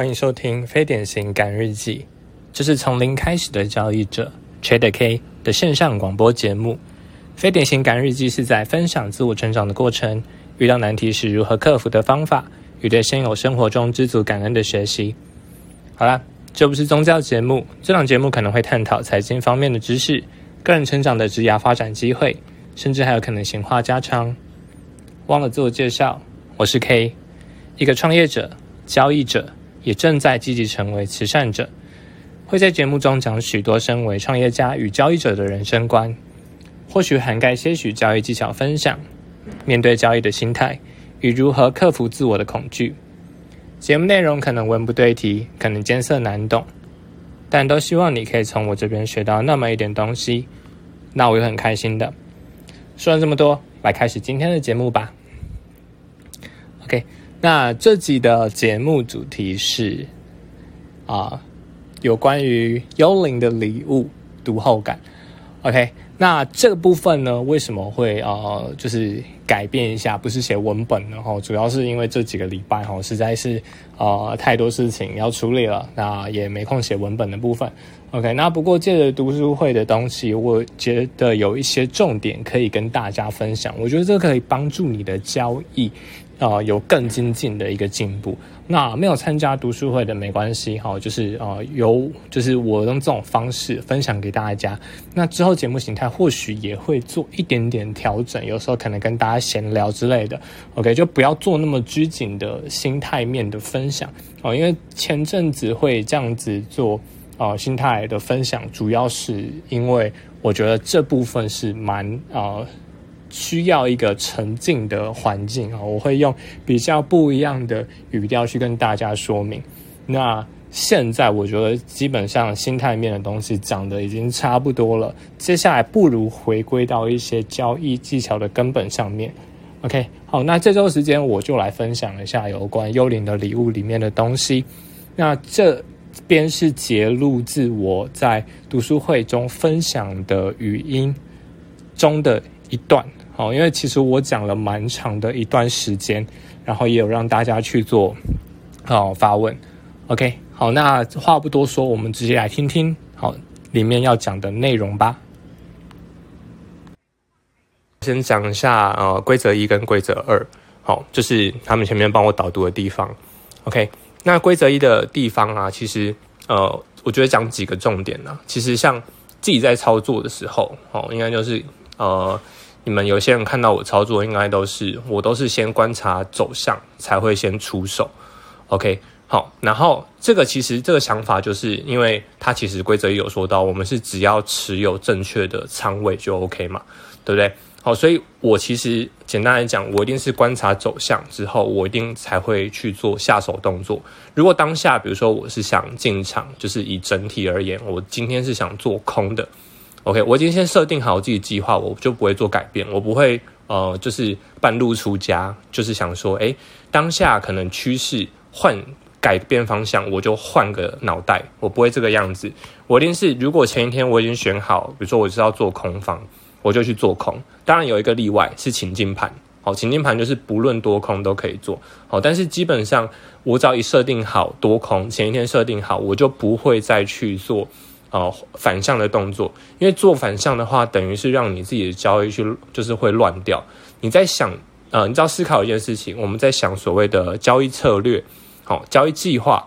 歡迎收聽《非典型感日記》，這是從零開始的交易者 Trader K 的線上廣播節目。《非典型感日記》是在分享自我成長的過程，遇到難題時如何克服的方法，與對現有生活中知足感恩的學習。好啦，這不是宗教節目，這檔節目可能會探討財經方面的知識、個人成長的職涯發展機會，甚至還有可能閒話家常。忘了自我介紹，我是 K，一個創業者、交易者。也正在積極成為慈善者，會在節目中講許多身為創業家與交易者的人生觀，或許涵蓋些許交易技巧分享，面對交易的心態與如何克服自我的恐懼。節目內容可能文不對題，可能艱澀難懂，但都希望你可以從我這邊學到那麼一點東西，那我也很開心的。說了這麼多，來開始今天的節目吧。OK。那這集的節目主題是啊、呃，有關於《幽靈的禮物》讀後感。OK，那這個部分呢，為什麼會啊、呃，就是改變一下，不是寫文本然後，主要是因為這幾個禮拜哦，實在是啊、呃，太多事情要處理了，那也沒空寫文本的部分。OK，那不過借着讀書會的東西，我覺得有一些重點可以跟大家分享。我覺得這可以幫助你的交易。啊、呃，有更精進的一個進步。那沒有參加讀書會的沒關係，哈，就是啊、呃，有就是我用這種方式分享給大家。那之後節目形態或許也會做一點點調整，有時候可能跟大家閒聊之類的。OK，就不要做那麼拘謹的心態面的分享啊、呃，因為前陣子會這樣子做啊、呃，心態的分享主要是因為我覺得這部分是蠻啊。呃需要一個沉靜的環境啊！我會用比較不一樣的語調去跟大家說明。那現在我覺得基本上心態面的東西講的已經差不多了，接下來不如回歸到一些交易技巧的根本上面。OK，好，那這周時間我就來分享一下有關《幽靈的禮物》裡面的東西。那這邊是節錄自我在讀書會中分享的語音中的一段。因為其實我講了蠻長的一段時間，然後也有讓大家去做哦發問，OK，好，那話不多說，我們直接來聽聽好、哦、裡面要講的內容吧。先講一下呃規則一跟規則二，好、哦，就是他們前面幫我導讀的地方，OK，那規則一的地方啊，其實呃我覺得講幾個重點呢、啊，其實像自己在操作的時候，哦，應該就是呃。你們有些人看到我操作，應該都是我都是先觀察走向才會先出手，OK？好，然後這個其實這個想法就是，因為它其實規則也有說到，我們是只要持有正確的倉位就 OK 嘛，對不對？好，所以我其實簡單來講，我一定是觀察走向之後，我一定才會去做下手動作。如果當下，比如說我是想進場，就是以整體而言，我今天是想做空的。OK，我已經先設定好自己計劃，我就不會做改變，我不會呃，就是半路出家，就是想說，哎，當下可能趨勢換改變方向，我就換個腦袋，我不會這個樣子。我一定是如果前一天我已經選好，比如說我是要做空方，我就去做空。當然有一個例外是情境盤，好，情境盤就是不論多空都可以做，好，但是基本上我只要一設定好多空，前一天設定好，我就不會再去做，哦、呃，反向的動作，因為做反向的話，等於是讓你自己的交易去，就是會亂掉。你在想，呃，你知道思考一件事情，我們在想所謂的交易策略，好、哦，交易計劃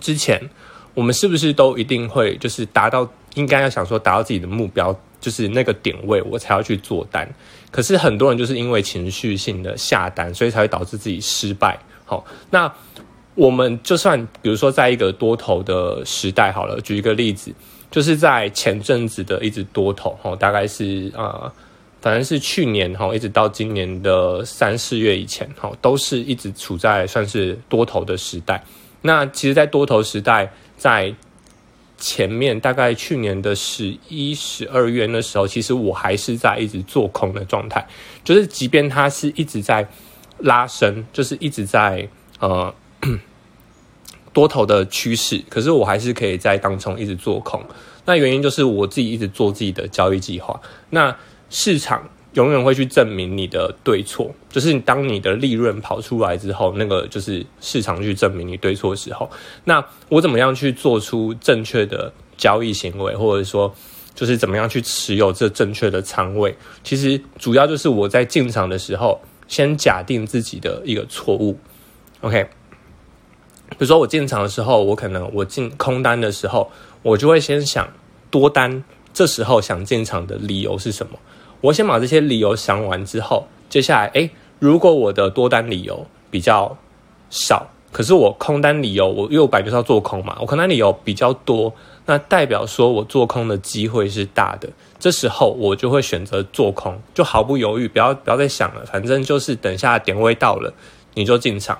之前，我們是不是都一定會就是達到，應該要想說達到自己的目標，就是那個點位我才要去做單。可是很多人就是因為情緒性的下單，所以才會導致自己失敗。好、哦，那。我們就算比如說在一個多頭的時代好了，舉一個例子，就是在前陣子的一直多頭，哦、大概是啊、呃，反正是去年、哦、一直到今年的三四月以前、哦，都是一直處在算是多頭的時代。那其實，在多頭時代，在前面大概去年的十一、十二月那時候，其實我還是在一直做空的狀態，就是即便它是一直在拉升，就是一直在呃。 多頭的趨勢，可是我還是可以在當中一直做空。那原因就是我自己一直做自己的交易計劃。那市場永遠會去證明你的對錯，就是當你的利潤跑出來之後，那個就是市場去證明你對錯的時候。那我怎麼樣去做出正確的交易行為，或者說就是怎麼樣去持有這正確的倉位？其實主要就是我在進場的時候，先假定自己的一個錯誤。OK。比如說我進場的時候，我可能我進空單的時候，我就會先想多單。這時候想進場的理由是什麼？我先把這些理由想完之後，接下來，哎，如果我的多單理由比較少，可是我空單理由我又擺明是要做空嘛，我空單理由比較多，那代表說我做空的機會是大的。這時候我就會選擇做空，就毫不猶豫，不要不要再想了，反正就是等一下點位到了你就進場。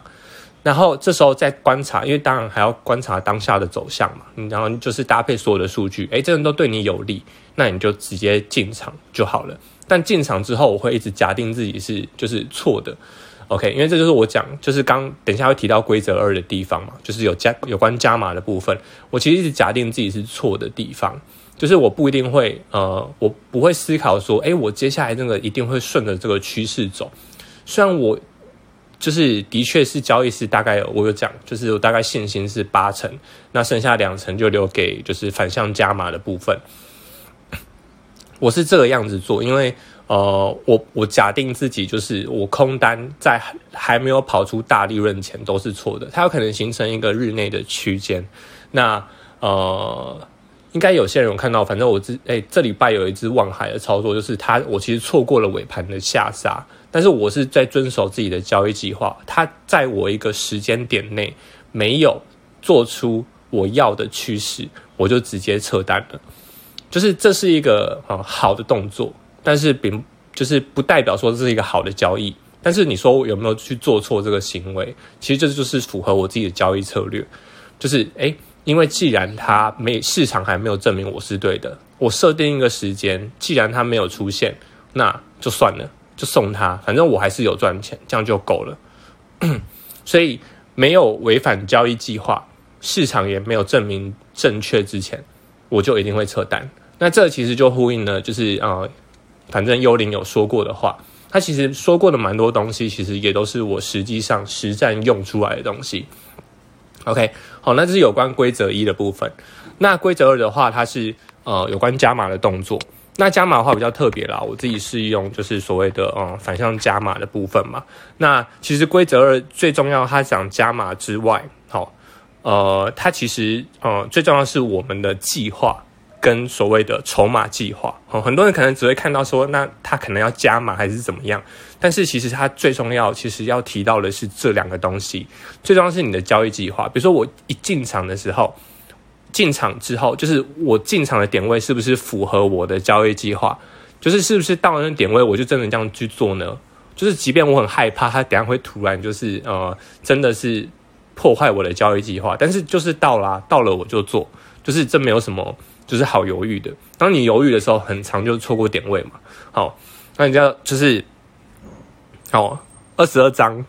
然後這時候再觀察，因為當然還要觀察當下的走向嘛。然後就是搭配所有的數據，哎，這人都對你有利，那你就直接進場就好了。但進場之後，我會一直假定自己是就是錯的，OK？因為這就是我講，就是剛等一下會提到規則二的地方嘛，就是有加有關加碼的部分。我其實一直假定自己是錯的地方，就是我不一定會呃，我不會思考說，哎，我接下來那個一定會順着這個趨勢走，雖然我。就是，的確是交易是大概我有講，就是我大概信心是八成，那剩下兩成就留給就是反向加碼的部分。我是這個樣子做，因為呃，我我假定自己就是我空單在還，還沒有跑出大利潤前都是錯的，它有可能形成一個日內的區間。那呃，應該有些人有看到，反正我自哎、欸、這禮拜有一只望海的操作，就是它我其實錯過了尾盤的下殺啊。但是我是在遵守自己的交易計劃，它在我一個時間點內沒有做出我要的趨勢，我就直接撤單了。就是這是一個、嗯、好的動作，但是並就是不代表說這是一個好的交易。但是你說我有沒有去做錯這個行為？其實這就是符合我自己的交易策略。就是誒，因為既然它沒，市場還沒有證明我是對的，我設定一個時間，既然它沒有出現，那就算了。就送他，反正我還是有賺錢，這樣就夠了。 所以沒有違反交易計劃，市場也沒有證明正確之前，我就一定會撤單。那這其實就呼應了，就是呃，反正幽靈有說過的話，他其實說過的蠻多東西，其實也都是我實際上實戰用出來的東西。OK，好，那這是有關規則一的部分。那規則二的話，它是呃，有關加碼的動作。那加碼的話比較特別啦，我自己是用就是所謂的嗯、呃、反向加碼的部分嘛。那其實規則二最重要，它講加碼之外，好、哦、呃，它其實呃最重要是我們的計劃跟所謂的籌碼計劃。好、哦，很多人可能只會看到說那它可能要加碼還是怎麼樣，但是其實它最重要其實要提到的是這兩個東西，最重要是你的交易計劃。比如說我一進場的時候。進場之後，就是我進場的點位是不是符合我的交易計劃？就是是不是到了那點位我就真的這樣去做呢？就是即便我很害怕，它等下會突然就是呃，真的是破壞我的交易計劃。但是就是到了、啊，到了我就做，就是這沒有什麼就是好猶豫的。當你猶豫的時候，很常就錯過點位嘛。好，那你要就是好。二十二章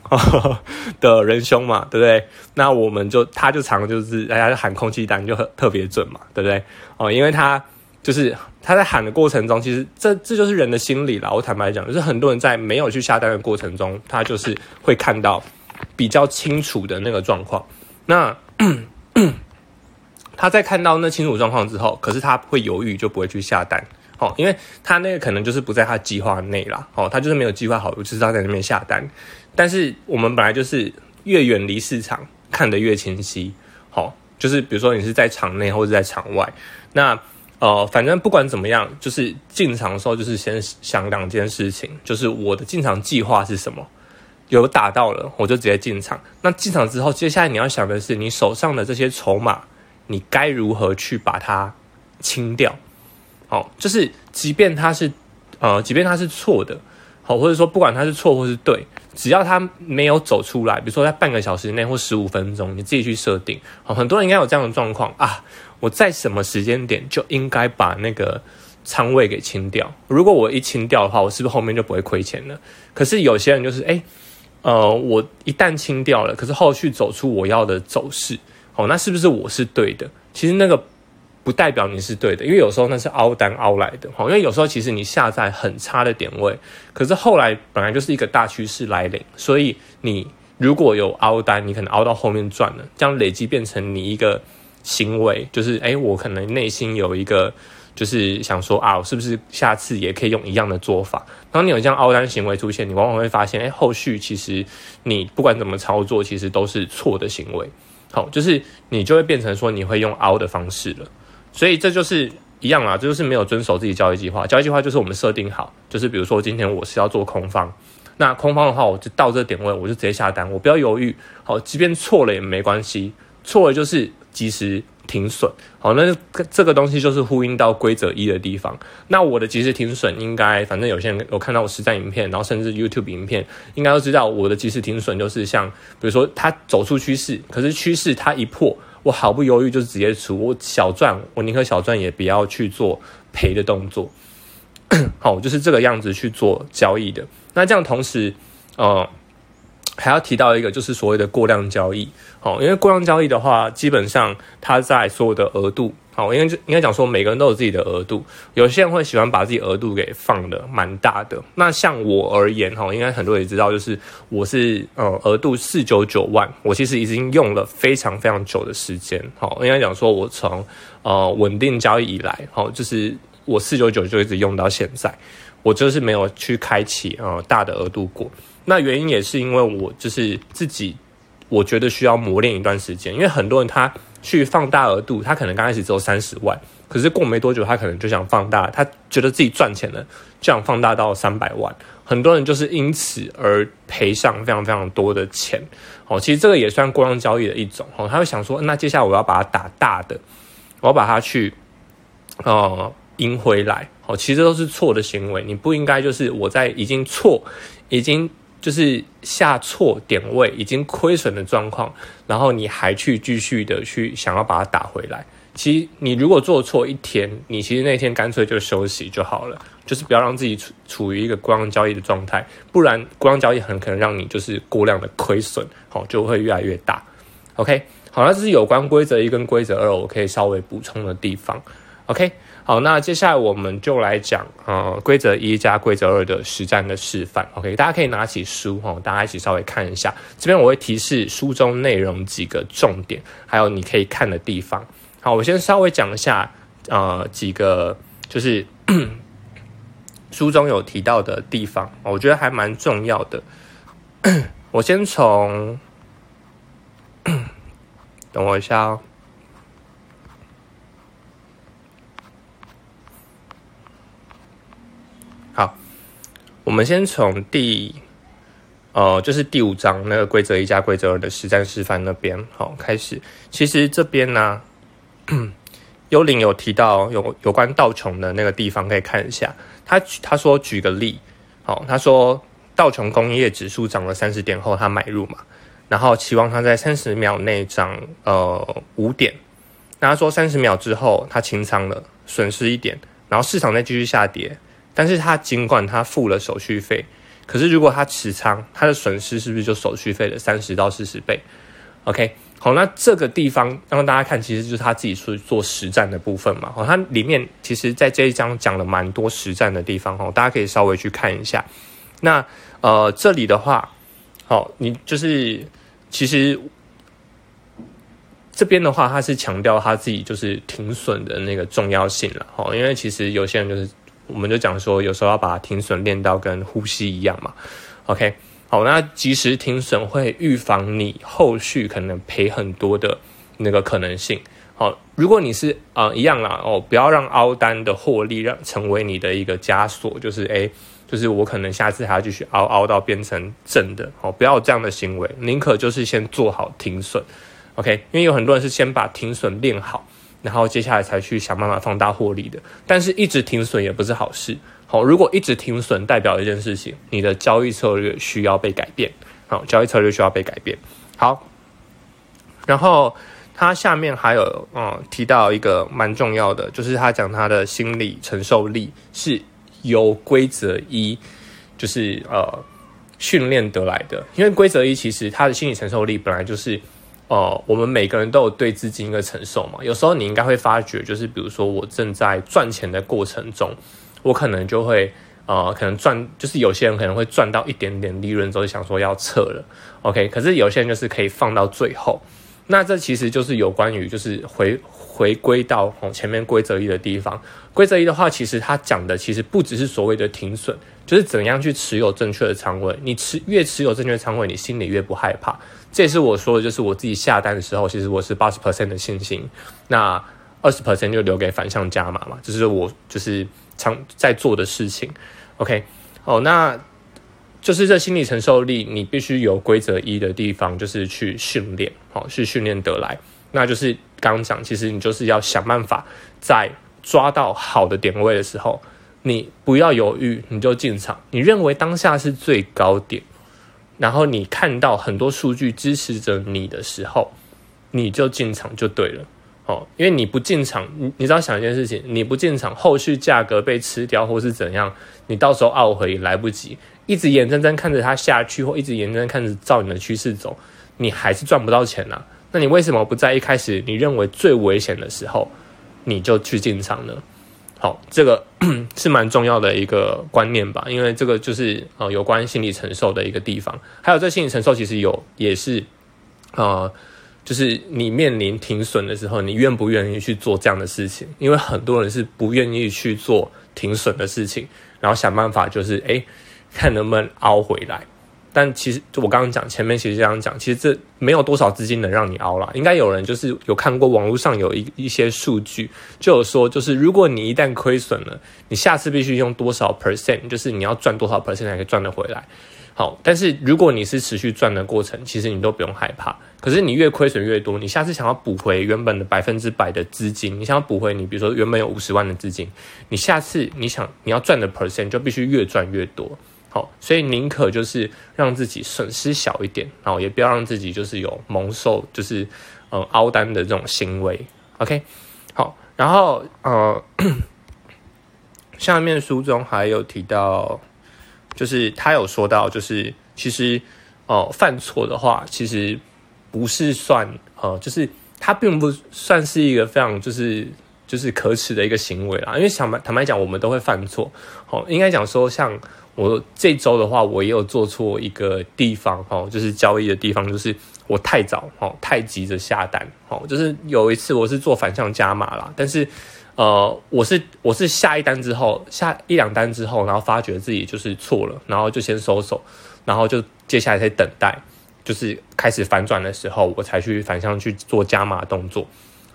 的仁兄嘛，對不對？那我們就他就常就是大家就喊空氣單就很特別準嘛，對不對？哦，因為他就是他在喊的過程中，其實這這就是人的心理了。我坦白講，就是很多人在沒有去下單的過程中，他就是會看到比較清楚的那個狀況。那、嗯嗯、他在看到那清楚的狀況之後，可是他會猶豫，就不會去下單。哦，因為他那個可能就是不在他計劃內啦。哦，他就是沒有計劃好，就是他在那邊下單。但是我們本來就是越遠離市場看得越清晰。好、哦，就是比如說你是在場內或者，在場外，那呃，反正不管怎麼樣，就是進場的時候就是先想兩件事情，就是我的進場計劃是什麼，有打到了我就直接進場。那進場之後，接下來你要想的是，你手上的這些籌碼，你該如何去把它清掉。好，就是即便它是，呃，即便它是錯的，好，或者說不管它是錯或是對，只要它沒有走出來，比如說在半個小時內或十五分鐘，你自己去設定。好，很多人應該有這樣的狀況啊，我在什麼時間點就應該把那個倉位給清掉？如果我一清掉的話，我是不是後面就不會虧錢了？可是有些人就是，誒，呃，我一旦清掉了，可是後續走出我要的走勢，好，那是不是我是對的？其實那個。不代表你是對的，因為有時候那是凹單凹來的，因為有時候其實你下在很差的點位，可是後來本來就是一個大趨勢來臨，所以你如果有凹單，你可能凹到後面賺了，這樣累積變成你一個行為，就是誒、欸，我可能內心有一個就是想說啊，我是不是下次也可以用一樣的做法？當你有這樣凹單行為出現，你往往會發現誒、欸，後續其實你不管怎麼操作，其實都是錯的行為。好、喔，就是你就會變成說你會用凹的方式了。所以這就是一樣啦，這就是沒有遵守自己交易計劃。交易計劃就是我們設定好，就是比如說今天我是要做空方，那空方的話，我就到這點位，我就直接下單，我不要猶豫。好，即便錯了也沒關係，錯了就是及時停損。好，那這個東西就是呼應到規則一的地方。那我的及時停損，應該反正有些人有看到我實戰影片，然後甚至 YouTube 影片，應該都知道我的及時停損就是像比如說它走出趨勢，可是趨勢它一破。我毫不猶豫就直接出，我小賺，我寧可小賺也不要去做賠的動作。好， 就是這個樣子去做交易的。那這樣同時，呃，還要提到一個就是所謂的過量交易。好，因為過量交易的話，基本上它在所有的額度。因為應該講說，每個人都有自己的額度，有些人會喜歡把自己額度給放得蠻大的。那像我而言，應該很多人也知道，就是我是呃額度四九九萬，我其實已經用了非常非常久的時間。應該講說，我從呃穩定交易以來，就是我四九九就一直用到現在，我就是沒有去開啟大的額度過。那原因也是因為我就是自己，我覺得需要磨練一段時間，因為很多人他去放大額度，他可能剛開始只有三十萬，可是過沒多久，他可能就想放大，他覺得自己賺錢了，就想放大到三百萬。很多人就是因此而賠上非常非常多的錢。哦，其實這個也算過量交易的一種。哦，他會想說，那接下來我要把它打大的，我要把它去哦、呃，贏回來。哦，其實都是錯的行為。你不應該就是我在已經錯已經。就是下錯點位，已經虧損的狀況，然後你還去繼續的去想要把它打回來。其實你如果做錯一天，你其實那天乾脆就休息就好了，就是不要讓自己處處於一個光交易的狀態，不然光交易很可能讓你就是過量的虧損，好、哦、就會越來越大。OK，好，那這是有關規則一跟規則二，我可以稍微補充的地方。OK。好，那接下來我們就來講呃規則一加規則二的實戰的示範。OK，大家可以拿起書哦，大家一起稍微看一下。這邊我會提示書中內容幾個重點，還有你可以看的地方。好，我先稍微講一下呃幾個就是 書中有提到的地方，我覺得還蠻重要的。 我先從， 等我一下哦。我們先從第，呃，就是第五章那個規則一加規則二的實戰示範那邊好、哦、開始。其實這邊呢、啊，幽靈有提到有有關道瓊的那個地方，可以看一下。他他說舉個例，好、哦，他說道瓊工業指數漲了三十點後，他買入嘛，然後期望他在三十秒內漲呃五點。那他說三十秒之後他清倉了，損失一點，然後市場再繼續下跌。但是他儘管他付了手續費，可是如果他持倉，他的損失是不是就手續費的三十到四十倍？OK，好，那這個地方讓大家看，其實就是他自己出去做實戰的部分嘛。哦，他裡面其實，在這一章講了蠻多實戰的地方哦，大家可以稍微去看一下。那呃，這裡的話，好、哦，你就是其實這邊的話，他是強調他自己就是停損的那個重要性了哦，因為其實有些人就是。我們就講說，有時候要把停損練到跟呼吸一樣嘛。OK，好，那及時停損會預防你後續可能賠很多的那個可能性。好，如果你是啊、呃、一樣啦哦，不要讓凹單的獲利讓成為你的一個枷鎖，就是哎、欸，就是我可能下次還要繼續凹凹到變成正的。哦，不要有這樣的行為，寧可就是先做好停損。OK，因為有很多人是先把停損練好。然後接下來才去想辦法放大獲利的，但是一直停損也不是好事。好，如果一直停損，代表一件事情，你的交易策略需要被改變。好，交易策略需要被改變。好，然後他下面還有嗯提到一個蠻重要的，就是他講他的心理承受力是由規則一，就是呃訓練得來的。因為規則一其實他的心理承受力本來就是。哦、呃，我們每個人都有對資金的承受嘛。有時候你應該會發覺，就是比如說我正在賺錢的過程中，我可能就會，呃，可能賺，就是有些人可能會賺到一點點利潤之後就想說要撤了，OK？可是有些人就是可以放到最後。那這其實就是有關於就是回回歸到、哦、前面規則一的地方。規則一的話，其實他講的其實不只是所謂的停損，就是怎樣去持有正確的倉位。你持越持有正確倉位，你心裡越不害怕。這也是我說的，就是我自己下單的時候，其實我是八十 percent 的信心，那二十 percent 就留給反向加碼嘛，就是我就是常在做的事情。OK，哦，那。就是這心理承受力，你必須有規則一的地方，就是去訓練，哦，去訓練得來。那就是剛講，其實你就是要想辦法，在抓到好的點位的時候，你不要猶豫，你就進場。你認為當下是最高點，然後你看到很多數據支持着你的時候，你就進場就對了。哦，因為你不進場，你只要想一件事情，你不進場，後續價格被吃掉或是怎樣，你到時候懊悔也來不及，一直眼睜睜看着它下去，或一直眼睜睜看着照你的趨勢走，你還是賺不到錢吶、啊。那你為什麼不在一開始你認為最危險的時候，你就去進場呢？好，這個 是蠻重要的一個觀念吧，因為這個就是呃有關心理承受的一個地方。還有這心理承受，其實有也是啊。呃就是你面臨停損的時候，你願不願意去做這樣的事情？因為很多人是不願意去做停損的事情，然後想辦法就是哎、欸，看能不能熬回來。但其實就我剛剛講前面其實這樣講，其實這沒有多少資金能讓你熬啦。應該有人就是有看過網絡上有一一些數據，就有說就是如果你一旦虧損了，你下次必須用多少 percent，就是你要賺多少 percent 還可以賺得回來。好，但是如果你是持續賺的過程，其實你都不用害怕。可是你越虧損越多，你下次想要補回原本的百分之百的資金，你想要補回你，比如說原本有五十萬的資金，你下次你想你要賺的 percent 就必須越賺越多。好，所以寧可就是讓自己損失小一點，然後也不要讓自己就是有蒙受就是嗯、呃、凹單的這種行為。OK，好，然後呃，下面書中還有提到。就是他有說到，就是其實哦、呃，犯錯的話，其實不是算哦、呃，就是他並不算是一個非常就是就是可恥的一個行為啦。因為想坦白坦白講，我們都會犯錯。哦，應該講說，像我這週的話，我也有做錯一個地方，哦，就是交易的地方，就是我太早，哦，太急着下單，哦，就是有一次我是做反向加碼啦，但是。呃，我是我是下一單之後，下一兩單之後，然後發覺自己就是錯了，然後就先收手，然後就接下來再等待，就是開始反轉的時候，我才去反向去做加碼動作。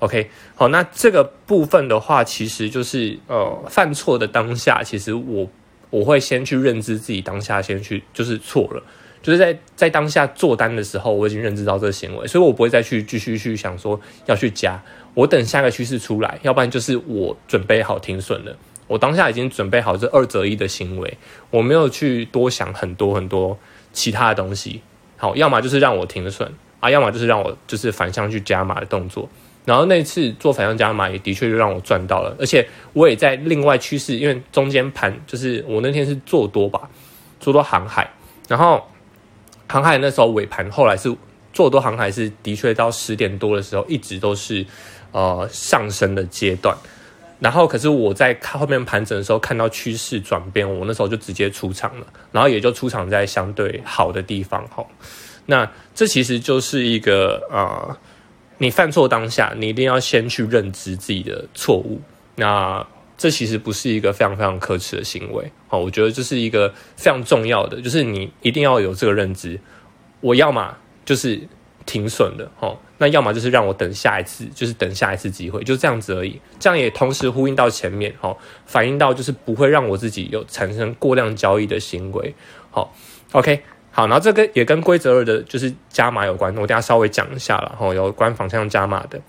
OK，好，那這個部分的話，其實就是呃，犯錯的當下，其實我我會先去認知自己當下先去就是錯了。就是在在當下做單的時候，我已經認知到這個行為，所以我不會再去繼續去想說要去加，我等下個趨勢出來，要不然就是我準備好停損了。我當下已經準備好這二擇一的行為，我沒有去多想很多很多其他的東西。好，要麼就是讓我停損啊，要麼就是讓我就是反向去加碼的動作。然後那次做反向加碼也的確就讓我賺到了，而且我也在另外趨勢，因為中間盤就是我那天是做多吧，做多航海，然後。航海那時候尾盤，後來是做多航海，是的確到十點多的時候一直都是，呃上升的階段。然後可是我在看後面盤整的時候，看到趨勢轉變，我那時候就直接出場了，然後也就出場在相對好的地方哈。那這其實就是一個呃你犯錯當下，你一定要先去認知自己的錯誤。那這其實不是一個非常非常可恥的行為，好、哦，我覺得這是一個非常重要的，就是你一定要有這個認知。我要嘛，就是停損的、哦，那要麼就是讓我等下一次，就是等下一次機會，就這樣子而已。這樣也同時呼應到前面，哦、反映到就是不會讓我自己有產生過量交易的行為，好、哦，OK，好，然後這個也跟規則二的，就是加碼有關，我等下稍微講一下了，哈、哦，有關方向加碼的。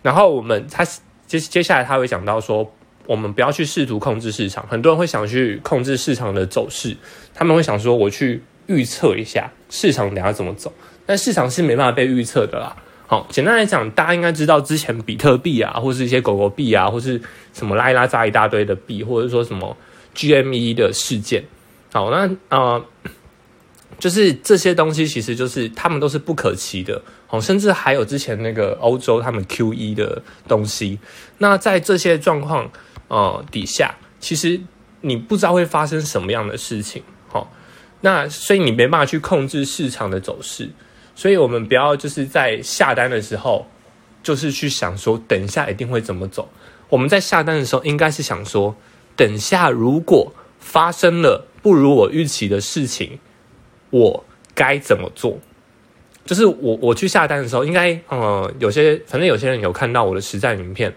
然後我們他接接下來他會講到說。我們不要去試圖控制市場，很多人會想去控制市場的走勢，他們會想說我去預測一下市場等下怎麼走，但市場是沒辦法被預測的啦。好，簡單來講，大家應該知道之前比特幣啊，或是一些狗狗幣啊，或是什麼拉一拉砸一大堆的幣，或者說什麼 GME 的事件。好，那呃，就是這些東西其實就是他們都是不可期的。好、哦，甚至還有之前那個歐洲他們 QE 的東西。那在這些狀況。哦、嗯，底下其實你不知道會發生什麼樣的事情、哦，那所以你沒辦法去控制市場的走勢，所以我們不要就是在下單的時候就是去想說等一下一定會怎麼走，我們在下單的時候應該是想說，等一下如果發生了不如我預期的事情，我該怎麼做？就是我我去下單的時候，應該呃、嗯、有些反正有些人有看到我的實戰影片。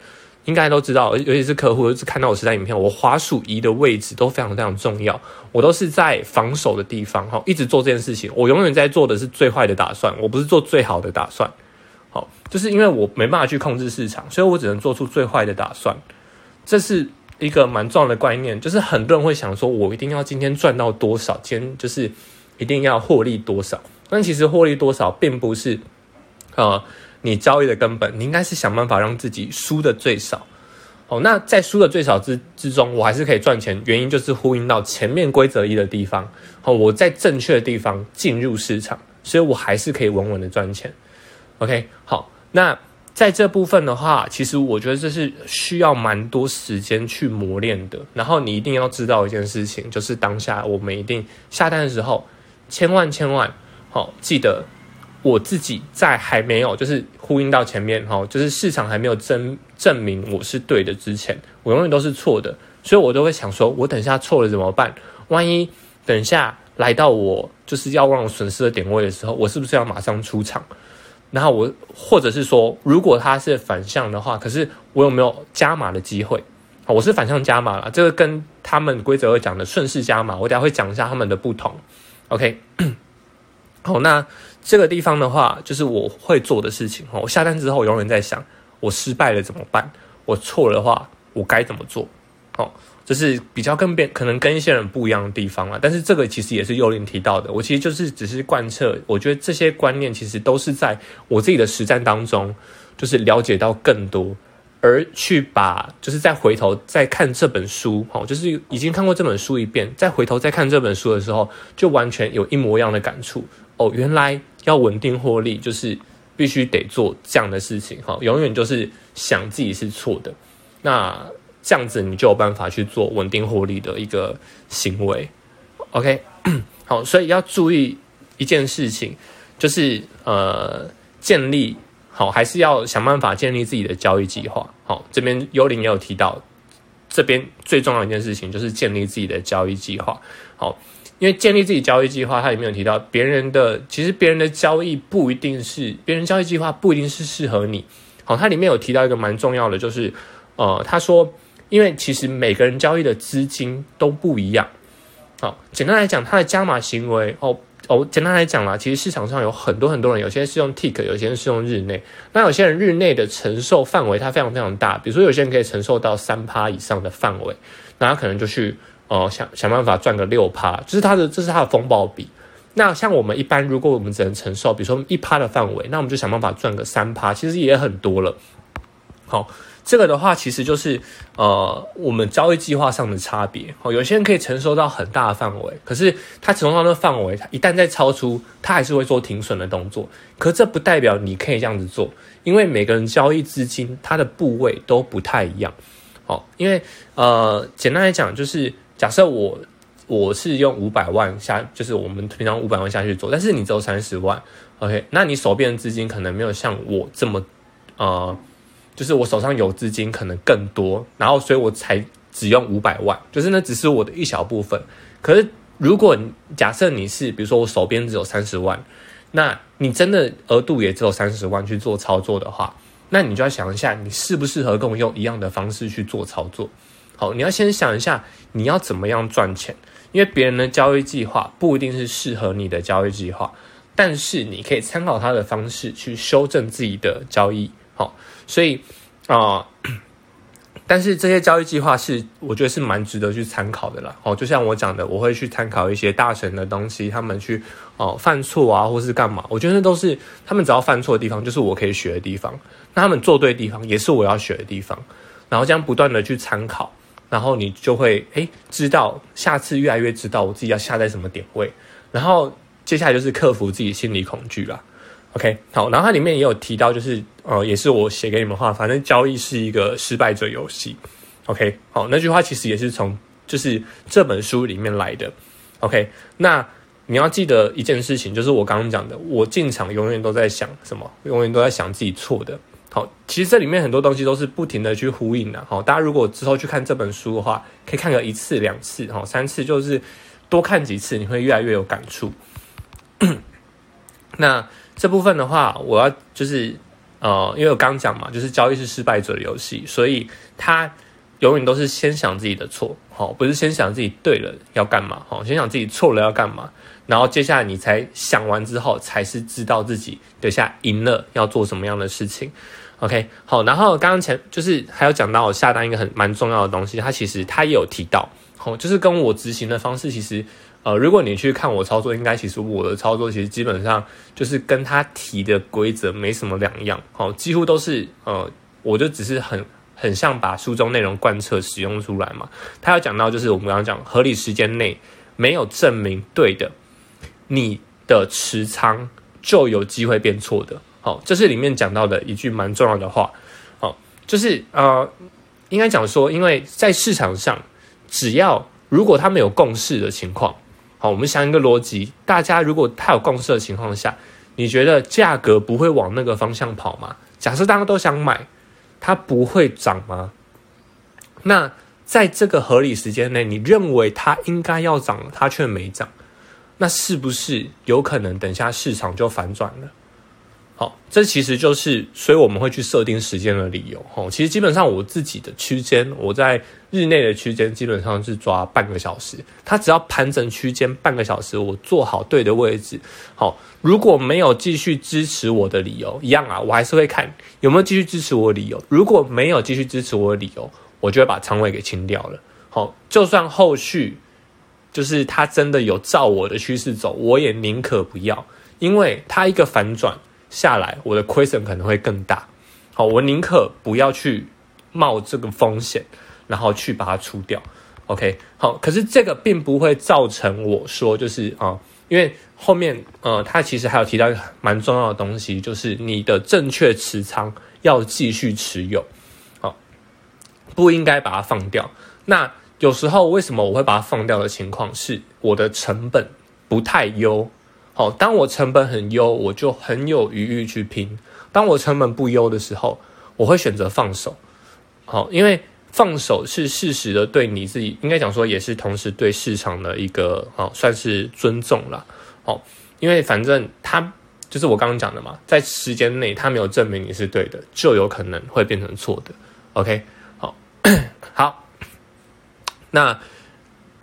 應該都知道，尤其是客戶，是看到我實戰影片，我滑鼠移的位置都非常非常重要。我都是在防守的地方，哈，一直做這件事情。我永遠在做的是最壞的打算，我不是做最好的打算。好，就是因為我沒辦法去控制市場，所以我只能做出最壞的打算。這是一個蠻重要的觀念，就是很多人會想說，我一定要今天賺到多少，今天就是一定要獲利多少。但其實獲利多少並不是啊。呃你交易的根本，你應該是想辦法讓自己輸的最少。好，那在輸的最少之之中，我還是可以賺錢。原因就是呼應到前面規則一的地方。好，我在正確的地方進入市場，所以我還是可以穩穩的賺錢。OK，好，那在這部分的話，其實我覺得這是需要蠻多時間去磨練的。然後你一定要知道一件事情，就是當下我們一定下單的時候，千萬千萬，好，記得。我自己在還沒有，就是呼應到前面，就是市場還沒有證證明我是對的之前，我永遠都是錯的，所以我都會想說，我等一下錯了怎麼辦？萬一等一下來到我就是要讓我損失的點位的時候，我是不是要馬上出場？然後我或者是說，如果它是反向的話，可是我有沒有加碼的機會？我是反向加碼了，這個跟他們規則會講的順勢加碼，我等下會講一下他們的不同。OK， 好，那。這個地方的話，就是我會做的事情。我下單之後，永遠在想，我失敗了怎麼辦？我錯了的話，我該怎麼做？就是比較跟別，可能跟一些人不一樣的地方啊。但是這個其實也是幽靈提到的，我其實就是只是貫徹。我覺得這些觀念其實都是在我自己的實戰當中，就是了解到更多。而去把，就是再回頭再看這本書，好，就是已經看過這本書一遍，再回頭再看這本書的時候，就完全有一模一樣的感觸哦。原來要穩定獲利，就是必須得做這樣的事情，永遠就是想自己是錯的。那這樣子，你就有辦法去做穩定獲利的一個行為。OK， 好，所以要注意一件事情，就是呃，建立。好，還是要想辦法建立自己的交易計劃。好，這邊幽靈也有提到，這邊最重要一件事情就是建立自己的交易計劃。好，因為建立自己交易計劃，它裡面有提到別人的，其實別人的交易不一定是，別人交易計劃不一定是適合你。好，它裡面有提到一個蠻重要的，就是呃，他說，因為其實每個人交易的資金都不一樣。好，簡單來講，他的加碼行為哦。哦，簡單來講啦，其實市場上有很多很多人，有些是用 tick，有些人是用日內。那有些人日內的承受範圍它非常非常大，比如說有些人可以承受到三趴以上的範圍，那他可能就去呃想想辦法賺個六趴，就是他的這是他的風報比。那像我們一般，如果我們只能承受比如說一趴的範圍，那我們就想辦法賺個三趴，其實也很多了。好。這個的話，其實就是，呃，我們交易計劃上的差別。哦，有些人可以承受到很大的範圍，可是他承受到的範圍，他一旦再超出，他還是會做停損的動作。可這不代表你可以這樣子做，因為每個人交易資金它的部位都不太一樣哦。因為呃，簡單來講，就是假設我我是用五百萬下，就是我們平常五百萬下去做，但是你只有三十萬，OK？那你手邊的資金可能沒有像我這麼，呃。就是我手上有資金可能更多，然後所以我才只用五百萬。就是那只是我的一小部分。可是如果假設你是，比如說我手邊只有三十萬，那你真的額度也只有三十萬去做操作的話，那你就要想一下，你適不適合跟我用一樣的方式去做操作。好，你要先想一下你要怎麼樣賺錢，因為別人的交易計劃不一定是適合你的交易計劃，但是你可以參考他的方式去修正自己的交易。好、哦，所以啊、呃，但是這些交易計劃是，我覺得是蠻值得去參考的啦。哦，就像我講的，我會去參考一些大神的東西，他們去哦犯錯啊，或是幹嘛，我覺得那都是他們只要犯錯的地方，就是我可以學的地方。那他們做對的地方，也是我要學的地方。然後這樣不斷的去參考，然後你就會哎、欸、知道，下次越來越知道我自己要下在什麼點位。然後接下來就是克服自己心理恐懼啦。OK，好，然後它裡面也有提到，就是呃，也是我寫給你們的話，反正交易是一個失敗者遊戲。OK，好，那句話其實也是從就是這本書裡面來的。OK，那你要記得一件事情，就是我剛剛講的，我進場永遠都在想什麼，永遠都在想自己錯的。好，其實這裡面很多東西都是不停地去呼應的、啊。好，大家如果之後去看這本書的話，可以看個一次、兩次、好，三次，就是多看幾次，你會越來越有感觸。 那。這部分的話，我要就是呃，因為我剛講嘛，就是交易是失敗者的遊戲，所以他永遠都是先想自己的錯，哦，不是先想自己對了要幹嘛，好、哦，先想自己錯了要幹嘛，然後接下來你才想完之後，才是知道自己等下贏了要做什麼樣的事情。OK，好、哦，然後剛剛前就是還有講到我下單一個很蠻重要的東西，他其實他也有提到，好、哦，就是跟我執行的方式其實。呃，如果你去看我操作，應該其實我的操作其實基本上就是跟他提的規則沒什麼兩樣，好、哦，幾乎都是呃，我就只是很很像把書中內容貫徹使用出來嘛。他要講到，就是我們剛剛講合理時間內沒有證明對的，你的持倉就有機會變錯的。好、哦，這是裡面講到的一句蠻重要的話。好、哦，就是呃，應該講說，因為在市場上，只要如果他們有共識的情況。好，我們想一個邏輯。大家如果太有共識的情況下，你覺得價格不會往那個方向跑嗎？假設大家都想買，它不會漲嗎？那在這個合理時間內，你認為它應該要漲，它卻沒漲，那是不是有可能等一下市場就反轉了？好，這其實就是所以我們會去設定時間的理由齁。其實基本上我自己的區間，我在日內的區間基本上是抓半個小時。它只要盤整區間半個小時，我做好對的位置。好，如果沒有繼續支持我的理由，一樣啊，我還是會看有沒有繼續支持我的理由。如果沒有繼續支持我的理由，我就會把倉位給清掉了。好，就算後續就是它真的有照我的趨勢走，我也寧可不要，因為它一個反轉。下來，我的虧損可能會更大。好，我寧可不要去冒這個風險，然後去把它出掉。OK，好，可是這個並不會造成我說就是啊，因為後面呃、啊，他其實還有提到一個蠻重要的東西，就是你的正確持倉要繼續持有，好、啊，不應該把它放掉。那有時候為什麼我會把它放掉的情況是，我的成本不太優。好，當我成本很優，我就很有餘裕去拼；當我成本不優的時候，我會選擇放手。好，因為放手是事實的，對你自己應該講說，也是同時對市場的一個好，算是尊重了。好，因為反正他就是我剛剛講的嘛，在時間內他沒有證明你是對的，就有可能會變成錯的。OK，好 好，那。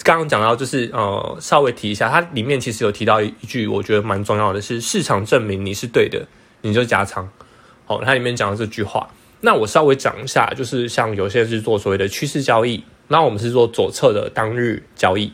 剛剛講到就是呃，稍微提一下，它裡面其實有提到一句，我覺得蠻重要的是，市場證明你是對的，你就加倉。好、哦，它裡面講到這句話。那我稍微講一下，就是像有些人是做所謂的趨勢交易，那我們是做左側的當日交易。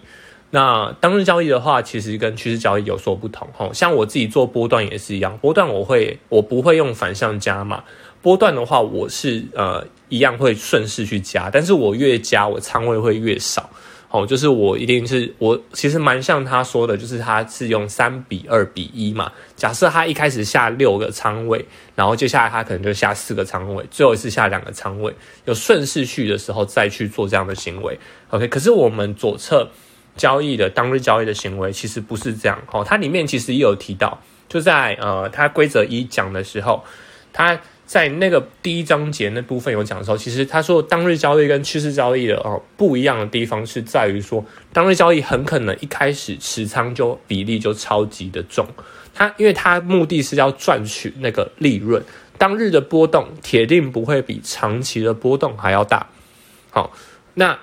那當日交易的話，其實跟趨勢交易有所不同。哈、哦，像我自己做波段也是一樣，波段我會我不會用反向加嘛，波段的話我是呃一樣會順勢去加，但是我越加我倉位會越少。哦，就是我一定是我其實蠻像他說的，就是他是用三比二比一嘛。假設他一開始下六個倉位，然後接下來他可能就下四個倉位，最後一次下兩個倉位，有順勢去的時候再去做這樣的行為。OK，可是我們左側交易的當日交易的行為其實不是這樣。哦，它裡面其實也有提到，就在呃，它規則一講的時候，它。在那個第一章節那部分有講的時候，其實他說當日交易跟趨勢交易的哦不一樣的地方是在於說，當日交易很可能一開始持倉就比例就超級的重，他因為他目的是要賺取那個利潤，當日的波動鐵定不會比長期的波動還要大。好，那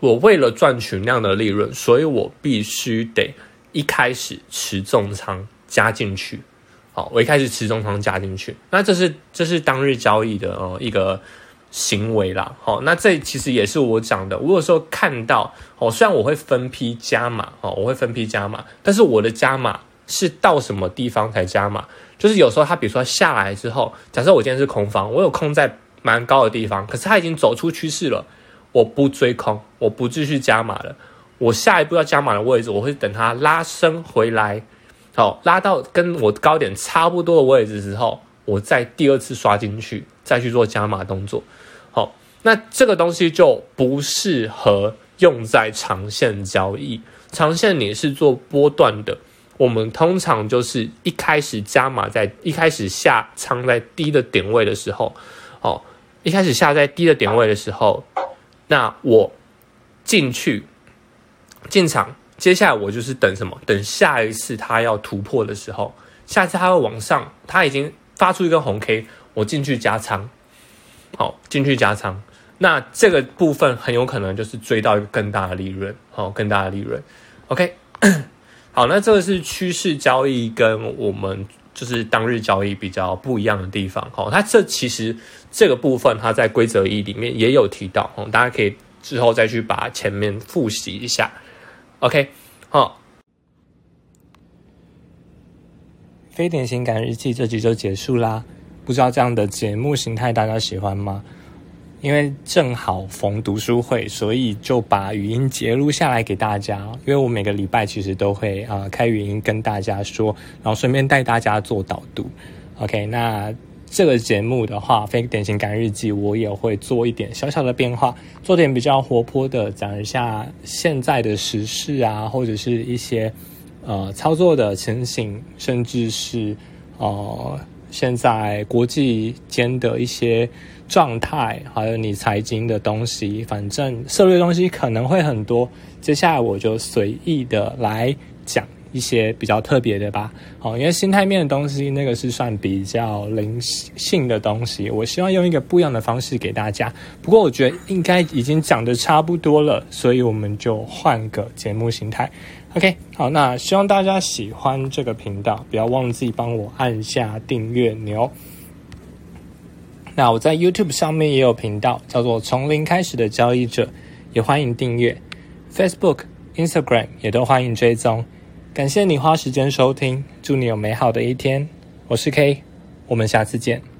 我為了賺取那樣的利潤，所以我必須得一開始持重倉加進去。好，我一開始持中倉加進去，那這是這是當日交易的哦一個行為啦，好，那這其實也是我講的。我有時候看到哦，雖然我會分批加碼哦，我會分批加碼，但是我的加碼是到什麼地方才加碼？就是有時候他比如說下來之後，假設我今天是空方，我有空在蠻高的地方，可是他已經走出趨勢了，我不追空，我不繼續加碼了。我下一步要加碼的位置，我會等它拉升回來。好，拉到跟我高點差不多的位置之後，我再第二次刷進去，再去做加碼動作。好，那這個東西就不適合用在長線交易。長線你是做波段的，我們通常就是一開始加碼，在一開始下倉在低的點位的時候，好，一開始下在低的點位的時候，那我進去進場。接下來我就是等什麼？等下一次它要突破的時候，下次它會往上。它已經發出一個紅 K，我進去加倉。好，進去加倉。那這個部分很有可能就是追到一個更大的利潤。好，更大的利潤。OK， 好，那這個是趨勢交易跟我們就是當日交易比較不一樣的地方。好，它這其實這個部分它在規則一裡面也有提到。哦，大家可以之後再去把前面復習一下。OK，好，《非典型感染日記》這集就結束啦。不知道這樣的節目形態大家喜歡嗎？因為正好逢讀書會，所以就把語音節錄下來給大家。因為我每個禮拜其實都會啊、呃、開語音跟大家說，然後順便帶大家做導讀。OK，那。這個節目的話，非典型感日記，我也會做一點小小的變化，做點比較活潑的，講一下現在的時事啊，或者是一些呃操作的情形，甚至是呃現在國際間的一些狀態，還有你財經的東西，反正涉獵的東西可能會很多。接下來我就隨意的來。一些比較特別的吧，好、哦，因為心態面的東西，那個是算比較靈性的東西。我希望用一個不一樣的方式給大家。不過我覺得應該已經講得差不多了，所以我們就換個節目形態。OK，好，那希望大家喜歡這個頻道，不要忘記幫我按下訂閱鈕！那我在 YouTube 上面也有頻道叫做“從零開始的交易者”，也歡迎訂閱。Facebook、Instagram 也都歡迎追蹤。感謝你花時間收聽，祝你有美好的一天。我是 K，我們下次見。